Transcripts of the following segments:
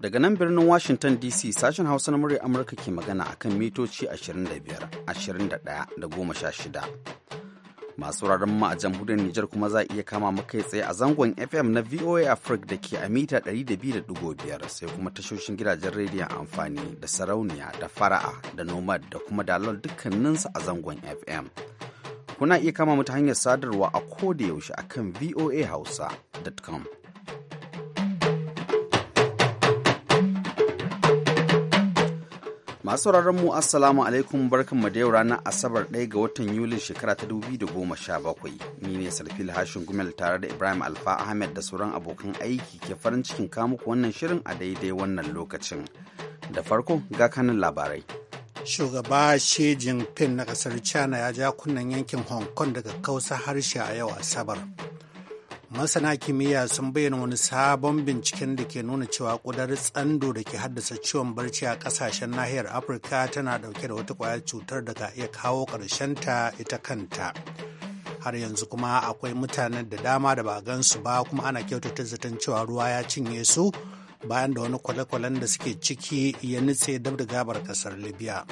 Daga nan birnin Washington DC sashen Hausa na murya Amurka ke magana a kan mitoci 25, 21 da shida Masu wuraren ma a jamhuriyar Nijar kuma za a iya kama makai tsaye a zangon FM na VOA Africa da ke a mita 200.5 sai kuma tashoshin gidajen rediyon amfani da sarauniya da fara'a da nomad da kuma dalar dukkaninsu a zangon FM. Kuna iya kama mu ta hanyar sadarwa a koda yaushe akan voahausa.com. Masu sauraron mu Assalamu alaikum barkan mu da yau ranar Asabar 1 ga watan yuli shekara ta 2017. Ni ne Sarfil Hashin Gumel tare da Ibrahim Alfa Ahmed da sauran abokan aiki ke farin cikin muku wannan shirin a daidai wannan lokacin. Da farko ga kanin labarai. Shugaba Xi Jinping na kasar China ya ja kunnen yankin Hong Kong daga kausa harshe a yau Asabar. masana kimiyya sun bayyana wani sabon binciken da ke nuna cewa kudar tsando da ke haddasa ciwon barci a kasashen nahiyar afirka tana dauke da wata kwayar cutar da ka iya kawo ta ita kanta har yanzu kuma akwai mutanen da dama da ba a gansu ba kuma ana kyautata zaton cewa ruwa ya cinye su bayan da wani kwale-kwalen da suke ciki ya nutse dab da gabar kasar libya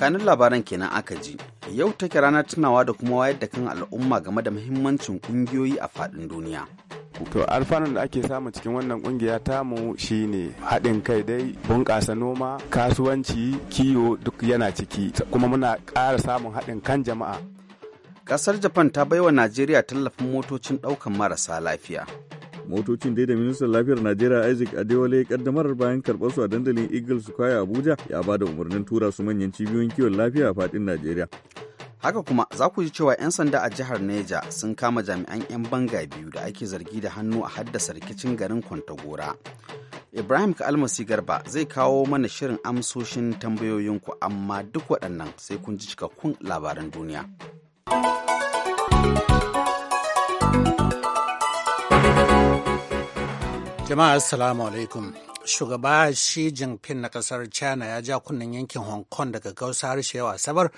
kanin labaran kenan aka ji yau take ranar tunawa da kuma wayar da kan al'umma game da muhimmancin kungiyoyi a faɗin duniya to alfanun da ake samu cikin wannan kungiya mu shine haɗin kai dai bunƙasa noma kasuwanci kiwo duk yana ciki kuma muna ƙara samun haɗin kan jama'a ƙasar japan ta baiwa najeriya tallafin motocin ɗaukan marasa lafiya Motocin dai da ministan lafiyar Najeriya Isaac Adewale kaddamar bayan karɓar su a dandalin Eagle Square Abuja ya ba da umarnin tura su manyan cibiyoyin kiwon lafiya a fadin Najeriya. Haka kuma za ku ji cewa 'yan sanda a jihar Neja sun kama jami'an 'yan banga biyu da ake zargi da hannu a haddasa rikicin garin Kwantagora. Ibrahim Kalmasi Garba zai kawo mana shirin amsoshin tambayoyinku amma duk waɗannan sai kun ji cikakkun labaran duniya. Jama'a Assalamu alaikum. Shugaba Xi Jinping na kasar China ya ja kunnen yankin Hong Kong daga gausa harshe yawa sabar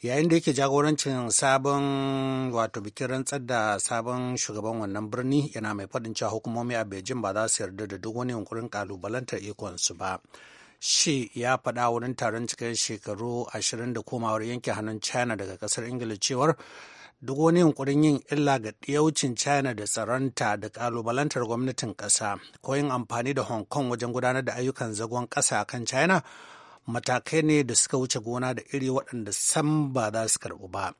yayin da yake jagorancin sabon wato bikin rantsar da sabon shugaban wannan birni yana mai faɗin cewa hukumomi a Beijing ba za su yarda da duk wani yunkurin kalubalantar ikonsu ba. shi ya faɗa wurin taron cikin shekaru ashirin da komawar yanke hannun china daga ƙasar ingila cewar duk wani yunkurin yin illa ga ɗiyaucin China da tsaronta da ƙalubalantar gwamnatin ƙasa ko yin amfani da Hong Kong wajen gudanar da ayyukan zagon ƙasa a kan China matakai ne da suka wuce gona da iri waɗanda san ba za su karɓu ba.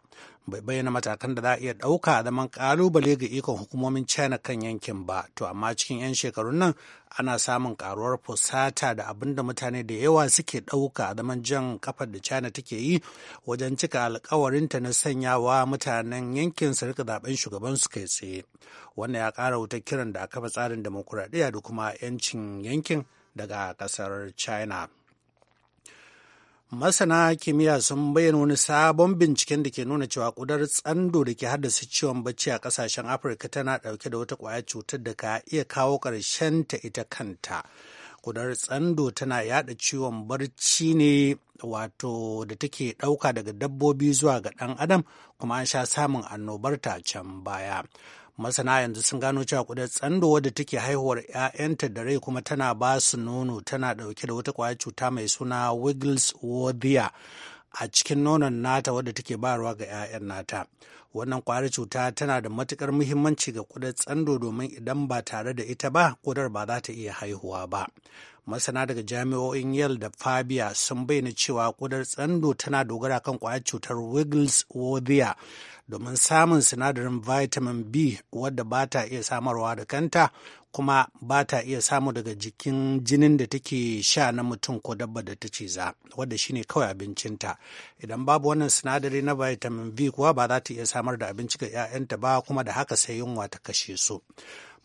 bai bayyana matakan da za a iya ɗauka zaman ƙalubale ga ikon hukumomin china kan yankin ba to amma cikin 'yan shekarun nan ana samun ƙaruwar fusata da abin da mutane da yawa suke ɗauka zaman jan kafar da china take yi wajen cika alkawarinta na sanyawa mutanen yankin su rika zaben shugaban su kai tsaye wannan ya ƙara wuta kiran da aka fi tsarin demokuraɗiyya da kuma 'yancin yankin daga ƙasar china masana kimiyya sun bayyana wani sabon binciken da ke nuna cewa kudar tsando da ke haddasa ciwon bacci a kasashen afirka tana dauke da wata kwayar cutar da ka iya kawo karshen ta ita kanta kudar tsando tana yada ciwon barci ne wato da take dauka daga dabbobi zuwa ga dan adam kuma an sha samun annobarta can baya masana yanzu sun gano cewa kudar tsando wadda take haihuwar 'ya'yanta da rai kuma tana ba su nono tana dauke da wata kwaya cuta mai suna wiggles worthia a cikin nonon nata wadda take bayarwa ga 'ya'yan nata wannan kwayar cuta tana da matukar muhimmanci ga kudar tsando domin idan ba tare da ita ba kudar ba za ta iya haihuwa ba masana daga jami'o'in yale da fabia sun bayyana cewa kudar tsando tana dogara kan kwayar cutar wiggles wobia domin samun sinadarin vitamin b wadda ba ta iya samarwa da kanta kuma ba ta iya samu daga jikin jinin da take sha na mutum ko dabba da ta ciza wadda shine kawai abincinta idan babu wannan sinadari na vitamin b kuwa ba za ta iya samar da abinci ga 'ya'yanta ba kuma da haka sai yunwa ta kashe su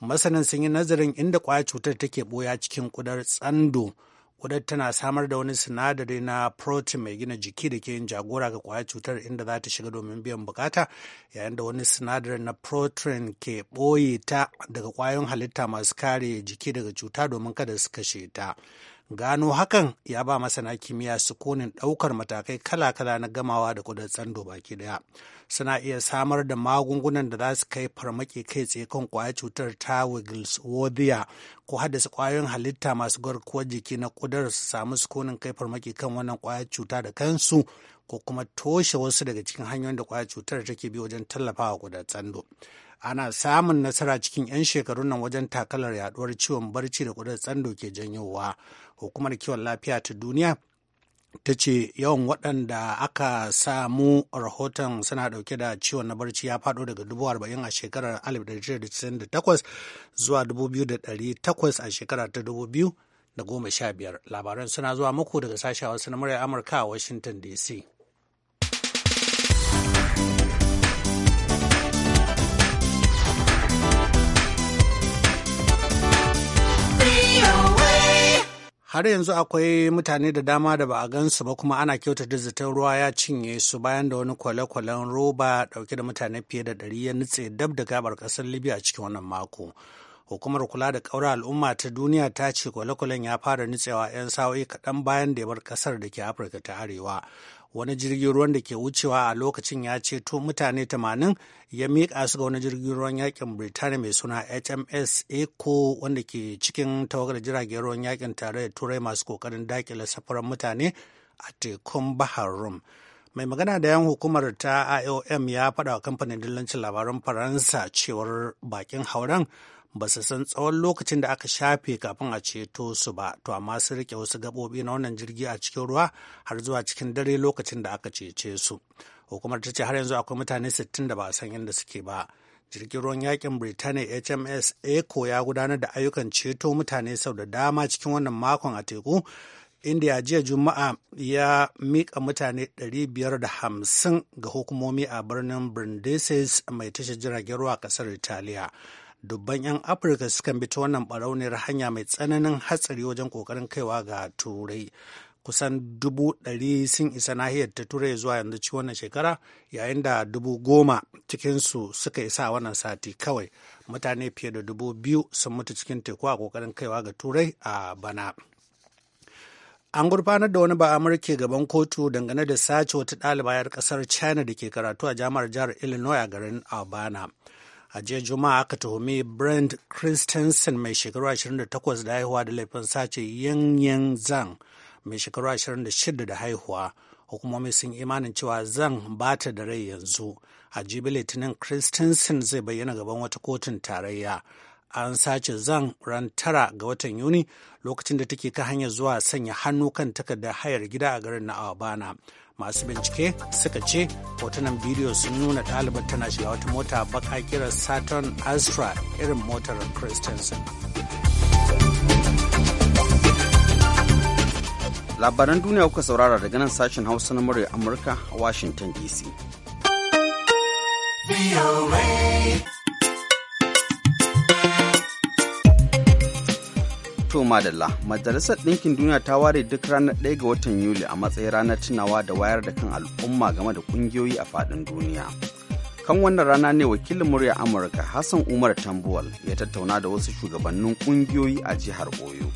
masanan sun yi nazarin inda kwaya cutar take ɓoya cikin kudar tsando ƙudar tana samar da wani sinadari na protein mai gina jiki da ke yin jagora ga kwaya cutar inda za ta shiga domin biyan bukata yayin da wani sinadarin na protein ke ɓoye ta daga kwayoyin halitta masu kare jiki daga cuta domin kada su kashe ta Gano hakan ya ba masana kimiyya sukunin ɗaukar matakai kala-kala na gamawa da kudin tsando baki daya. Suna iya samar da magungunan da za su kai farmaki kai tsaye kan kwayar cutar ta wodia ko haddasa kwayoyin halitta masu garkuwar jiki na kudar su samu sukunin kai farmaki kan wannan kwayar cuta da kansu ko kuma toshe wasu daga cikin hanyoyin da kwayar cutar take bi wajen tallafawa kudar tsando. ana samun nasara cikin 'yan shekarun nan wajen takalar yaduwar ciwon barci da kudin tsando ke janyowa hukumar kiwon lafiya ta duniya ta ce yawan waɗanda aka samu rahoton suna ɗauke da ciwon na barci ya faɗo daga 40,000 a shekarar 1998 zuwa 2008 a shekarar ta biyar, labaran suna zuwa muku daga sashen wasu na murya amurka a washington dc har yanzu akwai mutane da dama da ba a gansu ba kuma ana kyautata zaton ruwa ya cinye su bayan da wani kwale-kwalen roba dauke da mutane fiye da ɗari ya nutse dab da gabar ƙasar libya a cikin wannan mako hukumar kula da ƙaura al'umma ta duniya ta ce kwale-kwalen ya fara nutsewa 'yan sa'o'i kaɗan bayan da ya bar ƙasar da ke afirka ta arewa wani jirgin ruwan da ke wucewa a lokacin ya ceto mutane 80 ya miƙa su ga wani jirgin ruwan yakin Birtaniya mai suna HMS Eco wanda ke cikin tawagar jiragen ruwan yakin tare da turai masu kokarin dakile safaran mutane a tekun Bahar Rum. Mai magana da yan hukumar ta IOM ya faɗa wa kamfanin dillancin labaran Faransa cewar bakin hauren ba su san tsawon lokacin da aka shafe kafin a ceto su ba to amma sun rike wasu gaɓoɓi na wannan jirgi a cikin ruwa har zuwa cikin dare lokacin da aka cece su hukumar ta ce har yanzu akwai mutane 60 da ba san inda suke ba jirgin ruwan yakin Birtaniya HMS Eco ya gudanar da ayyukan ceto mutane sau da dama cikin wannan makon a teku inda jiya juma'a ya mika mutane 550 ga hukumomi a birnin brindisi mai tashar jiragen ruwa kasar italiya dubban 'yan afirka sukan bi ta wannan barauniyar hanya mai tsananin hatsari wajen kokarin kaiwa ga turai kusan dubu ɗari sun isa nahiyar ta turai zuwa yanzu ci wannan shekara yayin da dubu goma cikinsu suka isa wannan sati kawai mutane fiye da dubu biyu sun mutu cikin teku a kokarin kaiwa ga turai a bana an gurfanar da wani ba amurke gaban kotu dangane da sace wata ɗaliba 'yar ƙasar china da ke karatu a jami'ar jihar illinois a garin albana a jiya juma'a aka tuhumi brand christensen mai shekaru 28 da haihuwa da laifin sace yanyan zang mai shekaru 26 da haihuwa hukumomi sun imanin cewa zan ba ta da rai yanzu a jibi litinin christensen zai bayyana gaban wata kotun tarayya an sace zan ran tara ga watan yuni lokacin da take ta hanyar zuwa sanya hannu kan takardar hayar gida a garin na abana masu bincike suka ce hotunan bidiyo sun nuna ɗalibar tana shiga wata mota baka kira saturn astra irin motar christensen labaran duniya kuka saurara daga nan sashen hausa na murya amurka a washington dc To madalla, Majalisar Ɗinkin Duniya ta ware duk ranar 1 ga watan Yuli a matsayin ranar tunawa da wayar da kan al'umma game da ƙungiyoyi a faɗin duniya. Kan wannan rana ne wakilin murya Amurka Hassan Umar Tambuwal ya tattauna da wasu shugabannin ƙungiyoyi a jihar Oyo.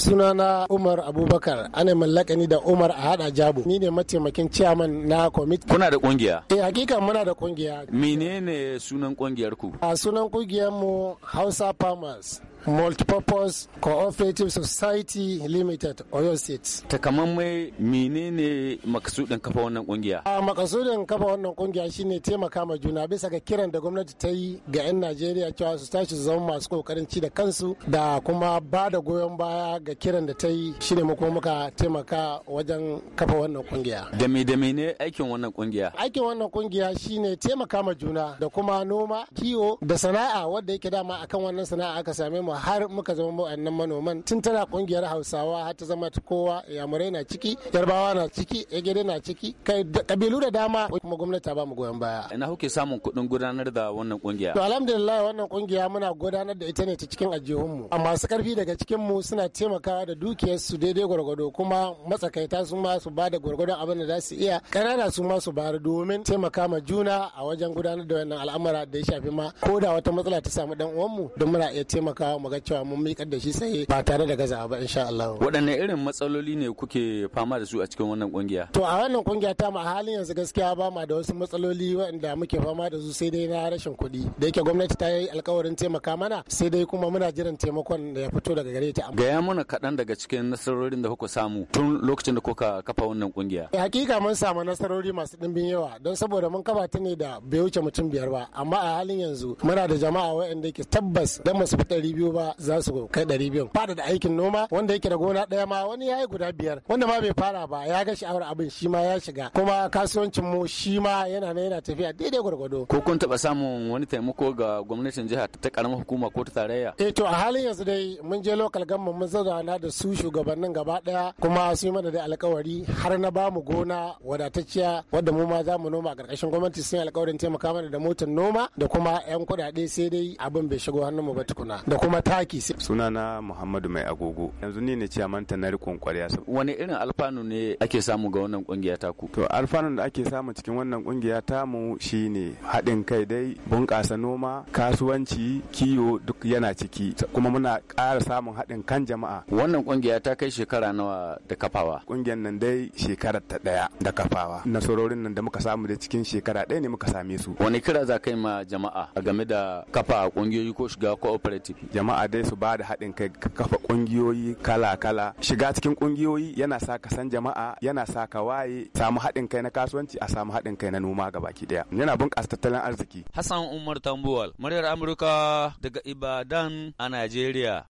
sunana umar abubakar ana mallaka da umar a hada jabu ni ne mataimakin ciyaman na kwamiti kuna da kungiya eh hakika muna da kungiya menene sunan kungiyar ku a sunan kungiyar mu hausa farmers multipurpose cooperative society limited oyo state takamammai menene makasudin kafa wannan kungiya a ah, makasudin kafa wannan kungiya shine taimaka ma juna bisa ga kiran da gwamnati ta yi ga 'yan najeriya cewa su tashi su zama masu kokarin ci da kansu da kuma ba da goyon baya ga kiran da ta yi shine mu muka taimaka wajen kafa wannan kungiya da me da ne aikin wannan kungiya aikin wannan kungiya shine taimaka ma juna da kuma noma kiwo da sana'a wanda yake dama akan wannan sana'a aka same mu kuma har muka zama wa'annan manoman tun tana kungiyar hausawa har ta zama kowa yamurai na ciki yarbawa na ciki egede na ciki kai kabilu da dama kuma gwamnati ba mu goyon baya ina kuke samun kuɗin gudanar da wannan kungiya to alhamdulillah wannan kungiya muna gudanar da ita ne ta cikin mu amma su karfi daga cikin mu suna taimakawa da su daidai gwargwado kuma matsakaita su ma su ba da gwargwadon abin da za su iya ƙanana su ma su bayar domin taimaka ma juna a wajen gudanar da wannan al'amura da ya shafi ma ko da wata matsala ta samu dan uwanmu don muna iya taimakawa mu ga cewa mun miƙar da shi sai ba tare da gaza ba insha Allah waɗanne irin matsaloli ne kuke fama da su a cikin wannan kungiya to a wannan kungiya ta mu a halin yanzu gaskiya ba ma da wasu matsaloli waɗanda muke fama da su sai dai na rashin kuɗi da yake gwamnati ta yi alkawarin taimaka mana sai dai kuma muna jiran taimakon da ya fito daga gare ta gaya mana kaɗan daga cikin nasarorin da kuka samu tun lokacin da kuka kafa wannan kungiya eh, hakika mun samu nasarori masu ɗimbin yawa don saboda mun kafa ta ne da bai wuce mutum biyar ba amma a halin yanzu muna da jama'a waɗanda ke tabbas dan mu su biyu ba za su kai ɗari biyu fada da aikin noma wanda yake da gona ɗaya ma wani ya yi guda biyar wanda ma bai fara ba ya ga sha'awar abin shi ma ya shiga kuma kasuwancin mu shi ma yana na yana tafiya daidai gwargwado ko kun taɓa samun wani taimako ga gwamnatin jiha ta karamar hukuma ko ta tarayya eh to a halin yanzu dai mun je lokal gamma mun na da su shugabannin gaba ɗaya kuma su yi mana da alkawari har na bamu gona wadatacciya wadda mu ma za mu noma a ƙarƙashin gwamnati sun yi alkawarin taimaka mana da motar noma da kuma 'yan kuɗaɗe sai dai abin bai shigo hannun mu ba tukuna taki sai sunana muhammadu mai agogo yanzu ni ne ciyaman na rikon kwarya wani irin alfanu ne ake samu ga wannan kungiya ta ku to alfanun da ake samu cikin wannan kungiya ta mu shine haɗin kai dai bunƙasa noma kasuwanci kiwo duk yana ciki kuma muna ƙara samun haɗin kan jama'a wannan kungiya ta kai shekara nawa da kafawa kungiyar nan dai shekarar ta ɗaya da kafawa nasarorin nan da muka samu da cikin shekara ɗaya ne muka same su wani kira za kai ma jama'a game da kafa kungiyoyi ko shiga cooperative jama'a jama'a dai su ba da haɗin kai kafa ƙungiyoyi kala-kala shiga cikin ƙungiyoyi yana sa ka san jama'a yana sa ka waye samu haɗin kai na kasuwanci a samu haɗin kai na noma ga baki ɗaya yana bunƙasa tattalin arziki hassan umar tambuwal muryar amurka daga ibadan a najeriya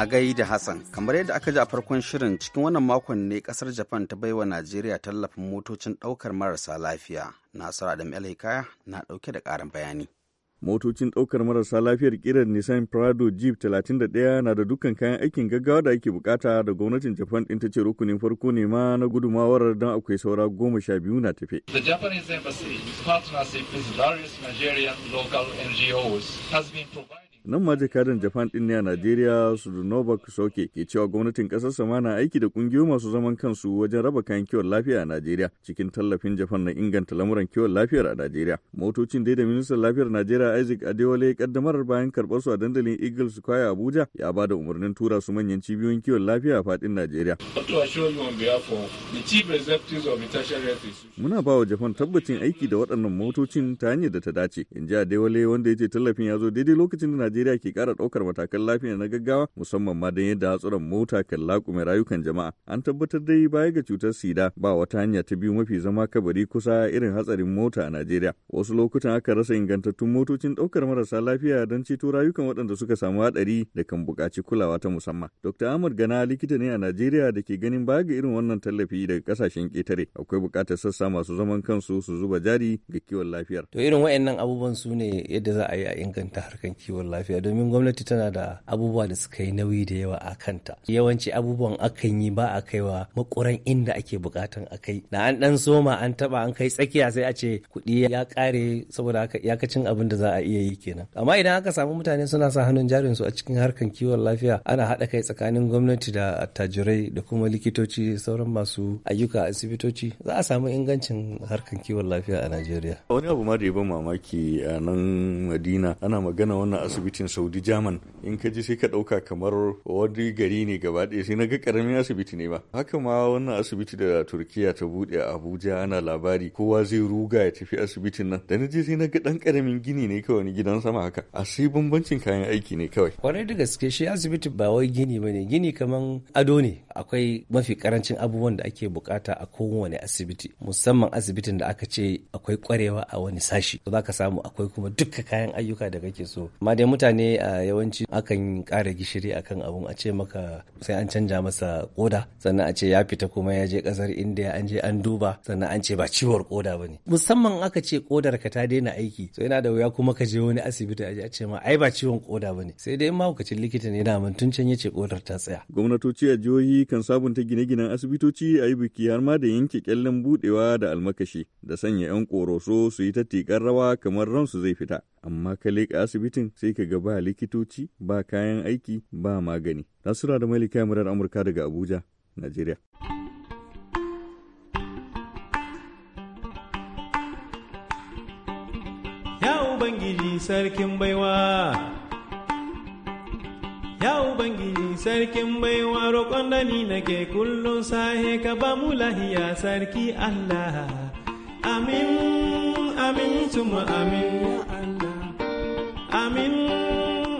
a gai da Hassan, kamar yadda aka ji a farkon shirin cikin wannan makon ne kasar Japan ta baiwa Najeriya tallafin motocin ɗaukar marasa lafiya. Nasiru Adam Hikaya na ɗauke da ƙarin bayani. Motocin ɗaukar marasa lafiyar ƙirar Nissan Prado Jeep 31 na da dukkan kayan aikin gaggawa da ake bukata da gwamnatin Japan ɗin ta ce rukunin farko ne ma na gudumawar don akwai saura goma sha biyu na tafe. The nan ma jakadan japan din ne a najeriya novak soke ke cewa gwamnatin kasar sama na aiki da kungiyoyi masu zaman kansu wajen raba kayan kiwon lafiya a najeriya cikin tallafin japan na inganta lamuran kiwon lafiyar a najeriya motocin dai da ministan lafiyar najeriya isaac adewale kaddamar bayan karbar su a dandalin eagle square abuja ya ba da umarnin tura su manyan cibiyoyin kiwon lafiya a fadin najeriya muna ba wa japan tabbacin aiki da waɗannan motocin ta hanyar da ta dace in ji adewale wanda ya ce tallafin ya zo daidai lokacin da najeriya Najeriya ke kara ɗaukar matakan lafiya na gaggawa musamman ma don yadda hatsuran mota kan laƙume rayukan jama'a. An tabbatar dai baya ga cutar sida ba wata hanya ta biyu mafi zama kabari kusa irin hatsarin mota a Najeriya. Wasu lokutan aka rasa ingantattun motocin ɗaukar marasa lafiya don ceto rayukan waɗanda suka samu hadari da kan buƙaci kulawa ta musamman. Dr. Ahmad Gana likita ne a Najeriya da ke ganin baya ga irin wannan tallafi daga ƙasashen ƙetare akwai buƙatar sassa masu zaman kansu su zuba jari ga kiwon lafiyar. To irin waɗannan abubuwan su ne yadda za a yi a inganta harkan kiwon lafiya. lafiya domin gwamnati tana da abubuwa da suka yi nauyi da yawa a kanta yawanci abubuwan akan yi ba a kaiwa makuran inda ake bukatan a kai da an dan soma an taba an kai tsakiya sai a ce kuɗi ya kare saboda haka iyakacin abin da za a iya yi kenan amma idan aka samu mutane suna sa hannun jarin su a cikin harkan kiwon lafiya ana haɗa kai tsakanin gwamnati da attajirai da kuma likitoci sauran masu ayyuka asibitoci za a samu ingancin harkan kiwon lafiya a Najeriya. Wani abu ma da ya ban mamaki a nan Madina ana magana wannan asibiti asibitin saudi german in ka ji sai ka ɗauka kamar wani gari ne gaba ɗaya sai na ga ƙaramin asibiti ne ba haka ma wannan asibiti da turkiya ta buɗe a abuja ana labari kowa zai ruga ya tafi asibitin nan da na je sai na ga ɗan ƙaramin gini ne kawai ni gidan sama haka asai bambancin kayan aiki ne kawai kwarai da gaske shi asibiti ba wai gini ba ne gini kaman ado ne akwai mafi karancin abubuwan da ake bukata a kowane asibiti musamman asibitin da aka ce akwai kwarewa a wani sashi za ka samu akwai kuma dukka kayan ayyuka da kake so mutane a yawanci akan ƙara gishiri akan abun a ce maka sai an canja masa koda sannan a ce ya fita kuma ya je ƙasar indiya an je an duba sannan an ce ba ciwon koda ba ne musamman aka ce kodar ka ta daina aiki so yana da wuya kuma ka je wani asibiti a ce ma ai ba ciwon koda ba ne sai dai mahaukacin likita ne da tun can ya ce kodar ta tsaya gwamnatoci a jihohi kan sabunta gine-ginen asibitoci a yi biki har ma da yanke kyallen budewa da almakashi da sanya 'yan koroso su yi ta tikar rawa kamar ransu zai fita amma ka leƙa asibitin sai ka ga ba likitoci ba kayan aiki ba magani nasura da malika murar amurka daga abuja najeriya ya ubangiji sarkin baiwa ya ubangiji sarkin baiwa roƙon da ni nake kullum sahe ka ba mu lahiya sarki allah amin amin tuma amin Amin,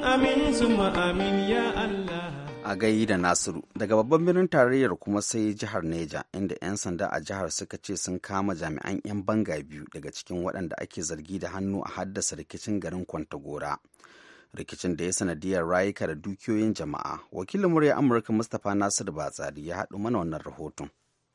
amin, suma amin ya Allah. A gai da Nasiru, daga babban birnin tarayyar kuma sai jihar Neja, inda 'yan sanda a jihar suka ce sun kama jami'an 'yan banga biyu daga cikin waɗanda ake zargi da hannu a haddasa rikicin garin Kwantagora. Rikicin da ya sanadiyar rayuka da dukiyoyin jama'a, wakilin murya Amurka Mustapha Nasiru Batsari ya haɗu mana wannan rahoton.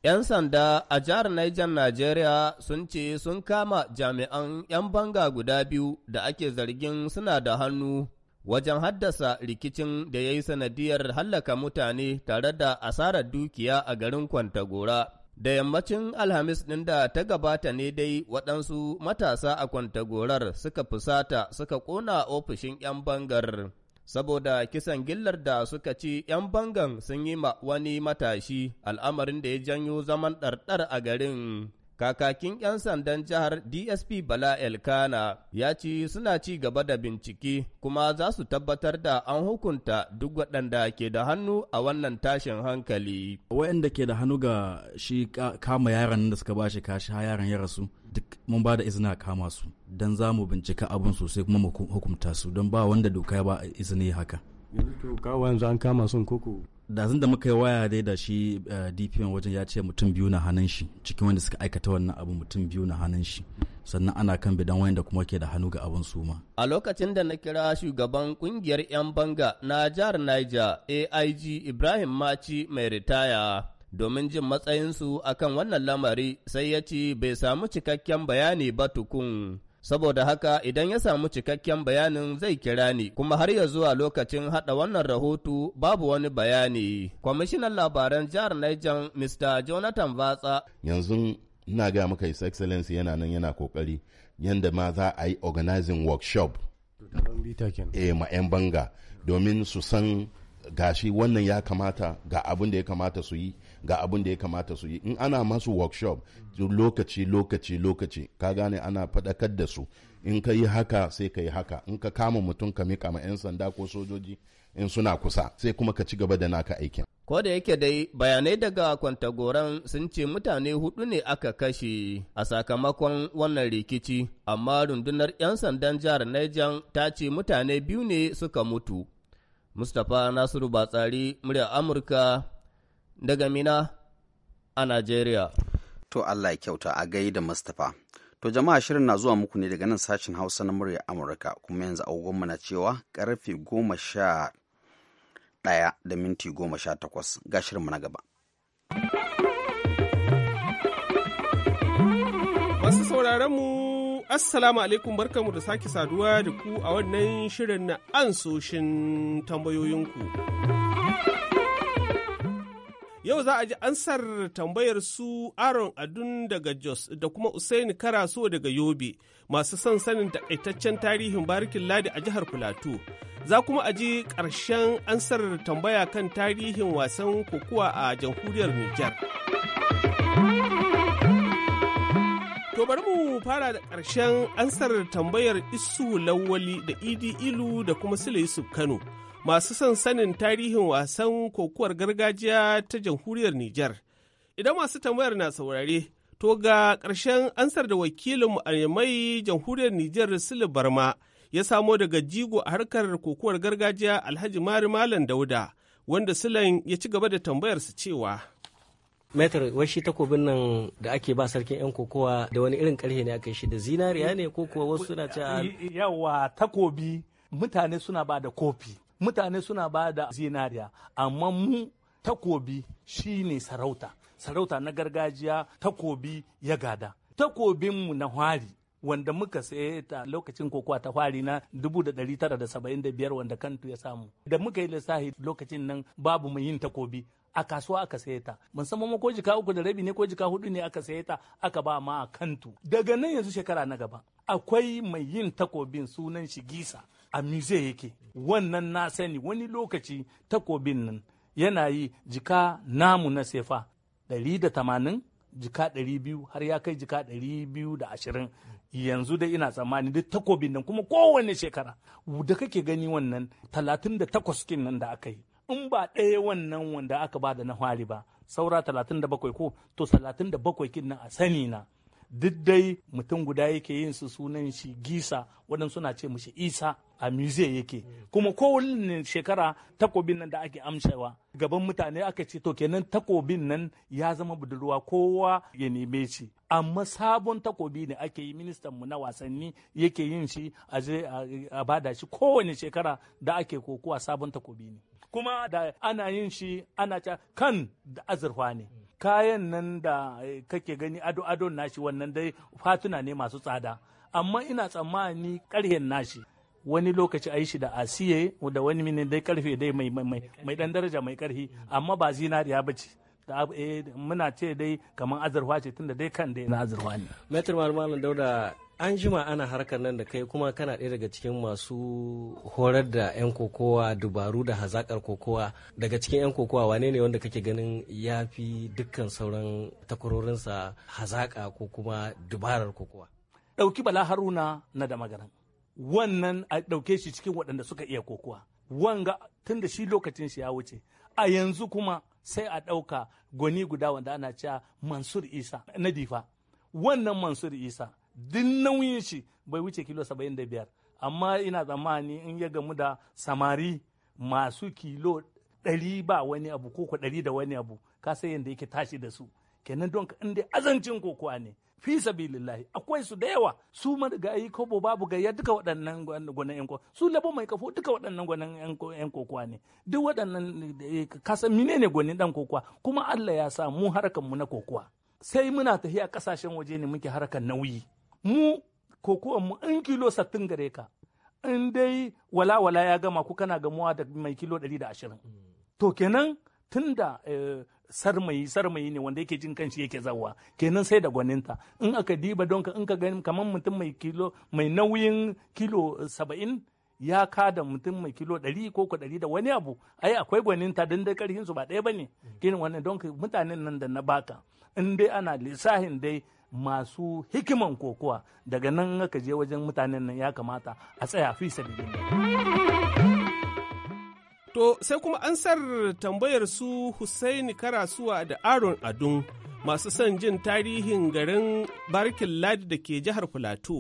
‘Yan sanda a jihar Niger Najeriya sun ce sun kama jami'an ‘yan banga guda biyu da ake zargin suna da hannu wajen haddasa rikicin da ya yi sanadiyar hallaka mutane tare da asarar dukiya a garin Kwantagora. Da yammacin Alhamis ɗin da ta gabata ne dai waɗansu matasa a Kwantagorar suka fusata suka ƙona ofishin ‘yan bangar. saboda kisan gillar da suka ci 'yan bangan sun yi ma wani matashi al'amarin da ya janyo zaman ɗarɗar a garin. kakakin 'yan sandan jihar DSP Bala Elkana ya ce suna ci gaba da bincike kuma za su tabbatar da an hukunta duk waɗanda ke da hannu a wannan tashin hankali. Waɗanda ke da hannu ga shi kama yaran da suka ba shi kashi yaran ya rasu duk mun ba da izina kama su don za mu bincika abin sosai kuma mu hukunta su don ba wanda doka ya ba izini haka. Yanzu to kawo yanzu an kama sun koko da zan da muka yi waya dai da shi eh, dpn wajen ya ce mutum biyu na hannun shi cikin wanda suka aikata wannan abu mutum biyu na hannun shi sannan ana kan bidan da kuma ke da hannu ga abin suma. a lokacin da na kira shugaban kungiyar 'yan banga na jihar niger aig ibrahim maci mai ritaya domin jin matsayinsu akan wannan lamari sai ya ce bai samu cikakken bayani ba tukun Saboda haka idan ya samu cikakken bayanin zai kira ni kuma har ya zuwa lokacin hada wannan rahoto babu wani bayani. Kwamishinan labaran jihar Niger Mr. Jonathan batsa. Yanzu ina ga maka His Excellency yana nan yana kokari yanda ma za a yi organizing workshop. Eh ma 'yan banga domin su san gashi wannan ya kamata ga abin da ya kamata su yi ga abin da ya kamata su yi in ana masu workshop lokaci lokaci lokaci ka gane ana faɗakar da su in ka yi haka sai ka yi haka in ka kama mutum ka mika ma 'yan sanda ko sojoji in suna kusa sai kuma ka ci gaba da naka aikin Ko da yake dai bayanai daga kwantagoran sun ce mutane hudu ne aka kashe a sakamakon wannan rikici, amma rundunar 'yan sandan jihar Niger ta ce mutane biyu ne suka mutu. Mustapha Nasiru Batsari, murya Amurka daga Mina a Najeriya. To Allah ya kyauta a gai da Mustapha. To jama'a shirin na zuwa muku ne daga nan sashen Hausa na murya Amurka kuma yanzu agogon na cewa karfe goma sha ɗaya da minti goma sha takwas ga shirinmu na gaba. Masu sauraron mu Assalamu alaikum barkanmu da sake saduwa da ku a wannan shirin na ansoshin tambayoyinku. Yau za a ji ansar tambayar su Aaron Adun daga Jos da kuma Usaini Karaso daga Yobe masu son sanin takaitaccen tarihin barikin ladi a jihar Filato. Za kuma a ji ƙarshen ansar tambaya kan tarihin wasan kokuwa a jamhuriyar Nijar. To bari mu fara da ƙarshen ansar tambayar Isu Lawali da Idi Ilu da kuma Sule Yusuf Kano. masu son sanin tarihin wasan kokuwar gargajiya ta jamhuriyar Nijar. Idan masu tambayar na saurare, to ga ƙarshen ansar da wakilin a mai jamhuriyar Nijar Sule Barma ya samo daga jigo a harkar kokuwar gargajiya Alhaji Mari Malam Dauda, wanda Sulan ya ci gaba da tambayar su cewa. Metar wai shi takobin nan da ake ba sarkin 'yan kokowa da wani irin karhe ne aka shi da zinariya ne ko kuwa wasu suna cewa yawa takobi mutane suna ba da kofi mutane suna ba da zinariya amma mu takobi shine sarauta sarauta na gargajiya takobi ya gada takobinmu na hwari wanda muka saye ta lokacin kokowa ta hwari na 1975 wanda kantu ya samu da muka yi lissafi lokacin nan babu mai yin takobi a kasuwa aka saye ta musamman ma ko jika uku da rabi ne ko jika hudu ne aka saye ta aka ba ma a kantu daga nan yanzu shekara na gaba akwai mai yin takobin sunan shi gisa a muse yake wannan na sani wani lokaci takobin nan yana yi jika namu na sefa ɗari da tamanin jika ɗari biyu har ya kai jika ɗari biyu da ashirin yanzu dai ina tsammani duk takobin nan kuma kowane shekara da kake gani wannan talatin da takwas kin nan da aka yi in ba ɗaya wannan wanda aka ba da na hwari ba saura 37 ko to 37 kin nan a sani na duk dai mutum guda yake yin su sunan shi gisa waɗansu suna ce mushi isa a muse yake kuma kowane shekara takobin nan da ake amshewa gaban mutane aka ce to kenan takobin nan ya zama budurwa kowa ya neme shi amma sabon takobi ne ake yi ministan mu na wasanni yake yin shi a bada shi kowane shekara da ake kokowa sabon takobi ne kuma da ana yin shi ana ca kan da azurfa ne kayan nan da eh, kake gani ado ado nashi wannan dai fatuna ne masu tsada amma ina tsammani karhen nashi wani lokaci a yi shi da asiye da wani mini dai karfe dai mai mai dan daraja mai karfi amma ba zinariya ba ce da eh, muna ce dai kamar azurfa ce tunda dai kan dai na azurfa ne. an jima ana harkar nan da kai kuma kana ɗaya daga cikin masu horar da 'yan kokowa dubaru da hazakar kokowa daga cikin 'yan kokowa wane ne wanda kake ganin ya fi dukkan sauran takwarorinsa hazaka ko kuma dubarar kokowa ɗauki bala haruna na da magaran wannan a ɗauke shi cikin waɗanda suka iya kokowa wanga tun da shi lokacin shi ya wuce a yanzu kuma sai a ɗauka gwani guda wanda ana cewa mansur isa na difa wannan mansur isa duk nauyin shi bai wuce kilo 75 amma ina tsammani in ya gamu da samari masu kilo 100 ba wani abu ko 100 da wani abu ka sai yadda yake tashi da su kenan don in dai azancin kokowa ne fi sabilillahi akwai su da yawa su ayi kobo babu gayya duka waɗannan gwanan yan su labo mai kafo duka waɗannan gwanan yan kokowa ne duk waɗannan eh, kasan mine ne gwanin dan kokowa kuma Allah ya sa mu harkan mu na kokowa sai muna tafiya kasashen waje ne muke harkan nauyi mu kuwa mu in kilo sattin gare ka in dai wala wala ya gama ku kana gamuwa da mai kilo 120 da ashirin to kenan tun da eh, sarmayi sarmayi ne wanda yake jin kanshi yake zawa kenan sai da gwaninta in aka diba don ka in ka gani kamar mutum mai kilo mai nauyin kilo saba'in ya ka da mutum mai kilo 100 ko ko da wani abu ai akwai gwaninta don dai karhin su ba ɗaya bane kenan wannan don ka mutanen nan da na baka in dai ana lissahin dai masu hikiman kokowa daga nan aka je wajen mutanen nan ya kamata a tsaya fi sabidin To sai kuma ansar tambayar su Hussaini Karasuwa da Aron Adun masu son jin tarihin garin Barkin Ladi da ke jihar Filato.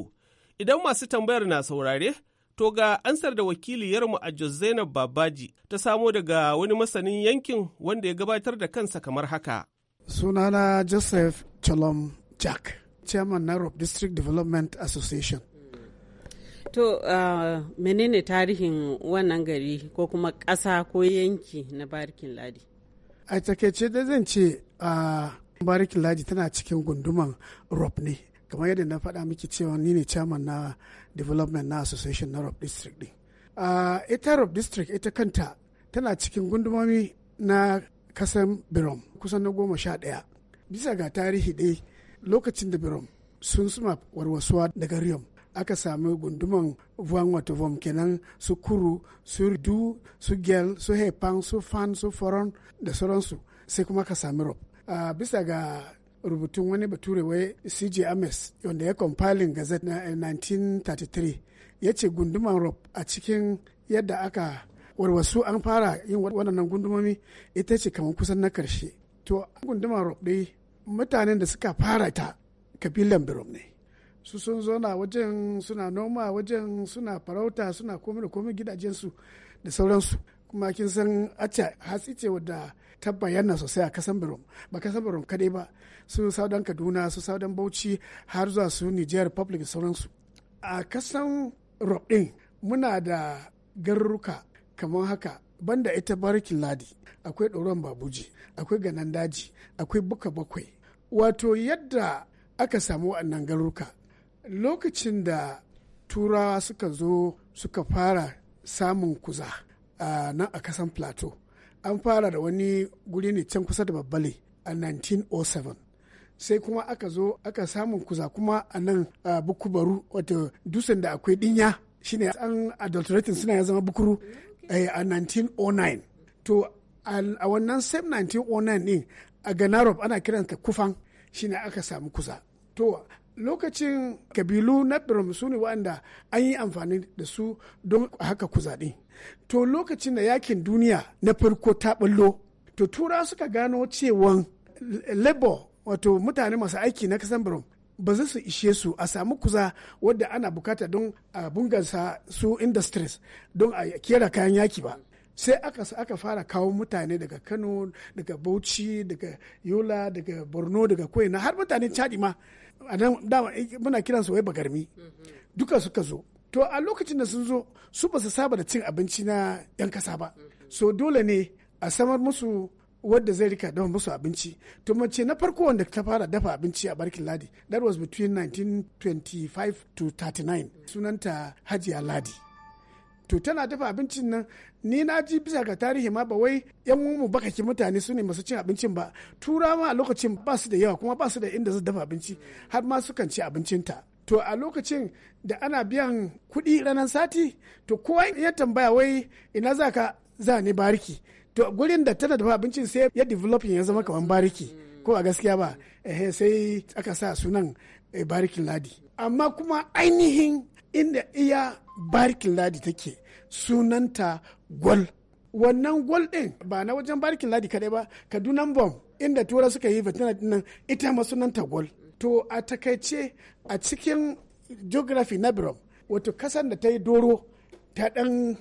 Idan masu tambayar na saurare, to ga ansar da wakiliyarmu a Jos Zainab Babaji ta samo daga wani masanin yankin wanda ya gabatar da kansa kamar haka. Sunana Joseph Chalom jack chairman na rob district development association to uh, menene tarihin wannan gari ko kuma ƙasa ko yanki na barikin ladi a takaice da zan ce uh, barikin ladi tana cikin gunduman rob ne kamar yadda na faɗa miki cewa ni ne chairman na development na association na rob district ɗin uh, ita rob district ita kanta tana cikin gundumomi na kasan birom kusan na goma sha ɗaya bisa ga tarihi ɗaya lokacin da birom sun suma warwasuwa daga riyom aka sami gunduman vuan wato vom kenan su kuru su du su gel su haifan su fan su foron da sauransu sai kuma ka sami rob a bisa ga rubutun wani bature wai cj ames wanda ya compiling gazette na 1933 eh, ya ce gunduman rob a cikin yadda aka warwasu an fara yin waɗannan gundumomi ita ce kamar kusan na karshe to gunduman rob dai mutanen da suka fara ta kabilan birom ne su sun zauna wajen suna noma wajen suna farauta suna komai da komai gidajensu da sauransu kuma kin san aca hatsi ce wadda ta bayyana sosai a kasan birom ba kasan birom kadai ba su saudan kaduna su saudan bauchi har zuwa su niger republic da sauransu a kasan rob din muna da garuruka kamar haka banda ita barikin ladi akwai ɗoron babuji akwai ganan daji akwai buka bakwai wato yadda aka samu wannan garuka lokacin da turawa suka zo suka fara samun kuza a nan a kasan plateau an fara da wani guri ne can kusa da babbale a 1907 sai kuma aka zo aka samun kuza kuma a nan bukubaru wato dusan da akwai dinya shine an adulteratin suna ya zama bukuru eh, a 1909 to a wannan same 1909 din a ganarop ana kiranta kufan shine aka samu kusa to lokacin kabilu na birnin su ne wa'anda an yi amfani da su don haka kuzaɗe to lokacin da yakin duniya na farko ta ɓallo to tura suka gano cewan labor wato mutane masu aiki na kasan birnin ba za su ishe su a samu kuza wadda ana bukata don a bungasa su industries don a kera kayan yaki ba sai aka aka fara kawo mutane daga kano daga bauchi daga yola daga borno daga koina har mutane chadi ma a nan dama eh, muna su wai bagarmi mm-hmm. duka suka zo to a lokacin da sun zo su ba su saba da cin abinci na yan kasa ba mm-hmm. so dole ne a samar musu wadda zai rika dafa musu abinci to mace na farko wanda ta fara dafa abinci a barkin ladi that was between 1925 to 39 sunanta hajiya ladi to tana dafa abincin nan ni na ji bisa ga tarihi ma ba wai yan mu bakaki mutane su ne masu cin abincin ba turawa a lokacin ba su da yawa kuma ba su da inda su dafa abinci har ma su kan ci abincin ta to a lokacin da ana biyan kuɗi ranar sati to kowa ya tambaya wai ina za ka za ni bariki to gurin da tana dafa abincin sai ya developing ya zama kamar bariki ko a gaskiya ba eh, sai aka sa sunan eh, barikin ladi amma kuma ainihin inda iya barkin ladi take sunanta gwal wannan gwal ɗin ba na wajen barkin ladi kadai ba kadunan bom inda tura suka yi fitina dinnan ita ma sunanta gwal to a takaice a cikin geography na birom wato kasan da ta yi doro ta ɗan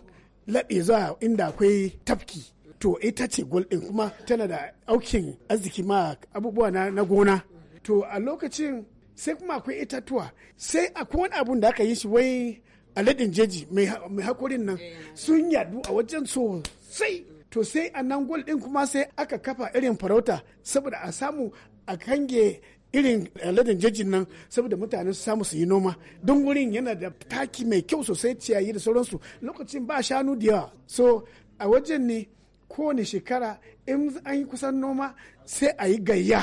laɗe zuwa inda akwai tafki to ita ce gwal ɗin kuma tana da aukin arziki ma abubuwa na gona to a lokacin sai kuma akwai itatuwa sai akwai wani abun da aka yi shi wai aladin jeji mai hakorin nan eh, sun yadu a wajen sosai to sai a nan gol din kuma sai aka kafa irin farauta saboda a samu a kange irin aladin eh, jejin nan saboda mutane su samu su yi noma don wurin yana da taki mai kyau sosai ciyayi da sauransu lokacin ba shanu da yawa so a wajen ne kowane shekara in an yi kusan noma sai a yi gayya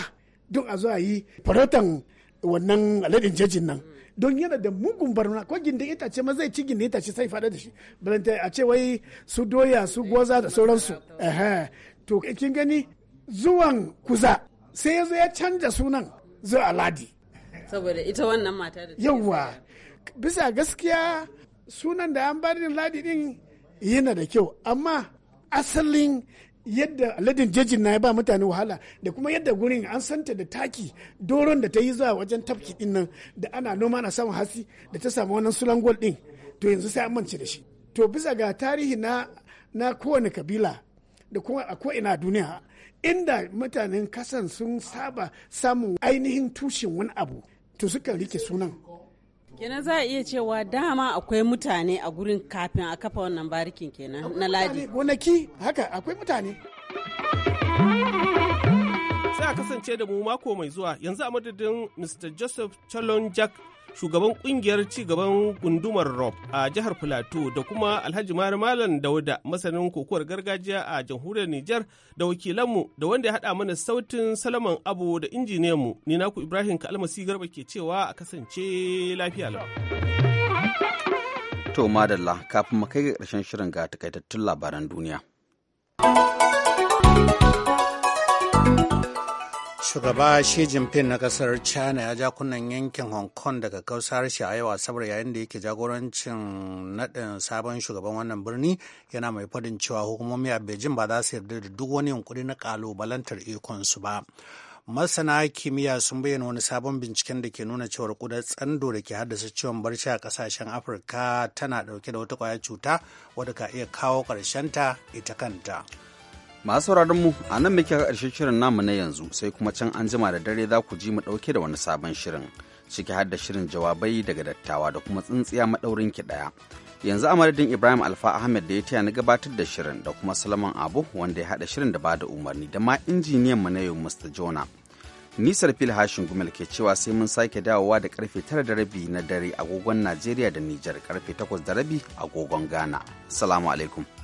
don a zo a yi farautan wannan aladin jajin nan don yana da mugun barna ko gindin itace ma zai ci gindin itace sai fada da shi balanta a ce wai su doya su goza da sauransu to kin gani zuwan kuza sai ya zo ya canja sunan zuwa aladi saboda ita wannan mata da yawa bisa gaskiya sunan da an bari ladi din yana da kyau amma asalin yadda aladin jejin na ya ba mutane wahala da kuma yadda gurin an santa da taki doron da ta yi zuwa wajen tafki din nan da ana noma na samun hasi da ta samu wannan sulan gol din to yanzu sai an mance da shi to bisa ga tarihi na na kowane kabila da kuma a ko'ina duniya inda mutanen kasan sun saba samun ainihin tushen wani abu to suka rike sunan kenan za a iya cewa dama akwai mutane a gurin kafin a kafa wannan barikin kenan na ladi gonaki haka akwai mutane sai a kasance da mu mako mai zuwa yanzu a madadin mr joseph chalon jack shugaban kungiyar gaban gundumar rob a jihar plateau da kuma alhaji mari malam dauda masanin kokowar gargajiya a jamhuriyar niger da wakilanmu da wanda ya haɗa mana sautin salaman abu da injiniyanmu ni naku ibrahim kalmasi garba ke cewa a kasance lafiya lau to madalla kafin mu kai ga ƙarshen shirin ga takaitattun labaran duniya. Shugaba Xi Jinping na kasar China ya ja kunnen yankin Hong Kong daga kausar shi a yawa saboda yayin da yake jagorancin naɗin sabon shugaban wannan birni yana mai fadin cewa hukumomi a Beijing ba za su yarda da duk wani yunkuri na kalubalantar ikonsu ba. masana kimiyya sun bayyana wani sabon binciken da ke nuna cewar kudar tsando da ke haddasa ciwon barci a kasashen afirka tana dauke da wata kwaya cuta wadda ka iya kawo ta ita kanta masu mu a nan muke ƙarshen shirin namu na yanzu sai kuma can an jima da dare za ku ji mu ɗauke da wani sabon shirin ciki har da shirin jawabai daga dattawa da kuma tsintsiya maɗaurin ki ɗaya yanzu a madadin ibrahim alfa ahmed da ya taya na gabatar da shirin da kuma salman abu wanda ya haɗa shirin da ba da umarni da ma injiniyan mu na yau mr jona nisar fil hashin gumel ke cewa sai mun sake dawowa da karfe tara da rabi na dare agogon najeriya da nijar karfe takwas da rabi agogon ghana salamu alaikum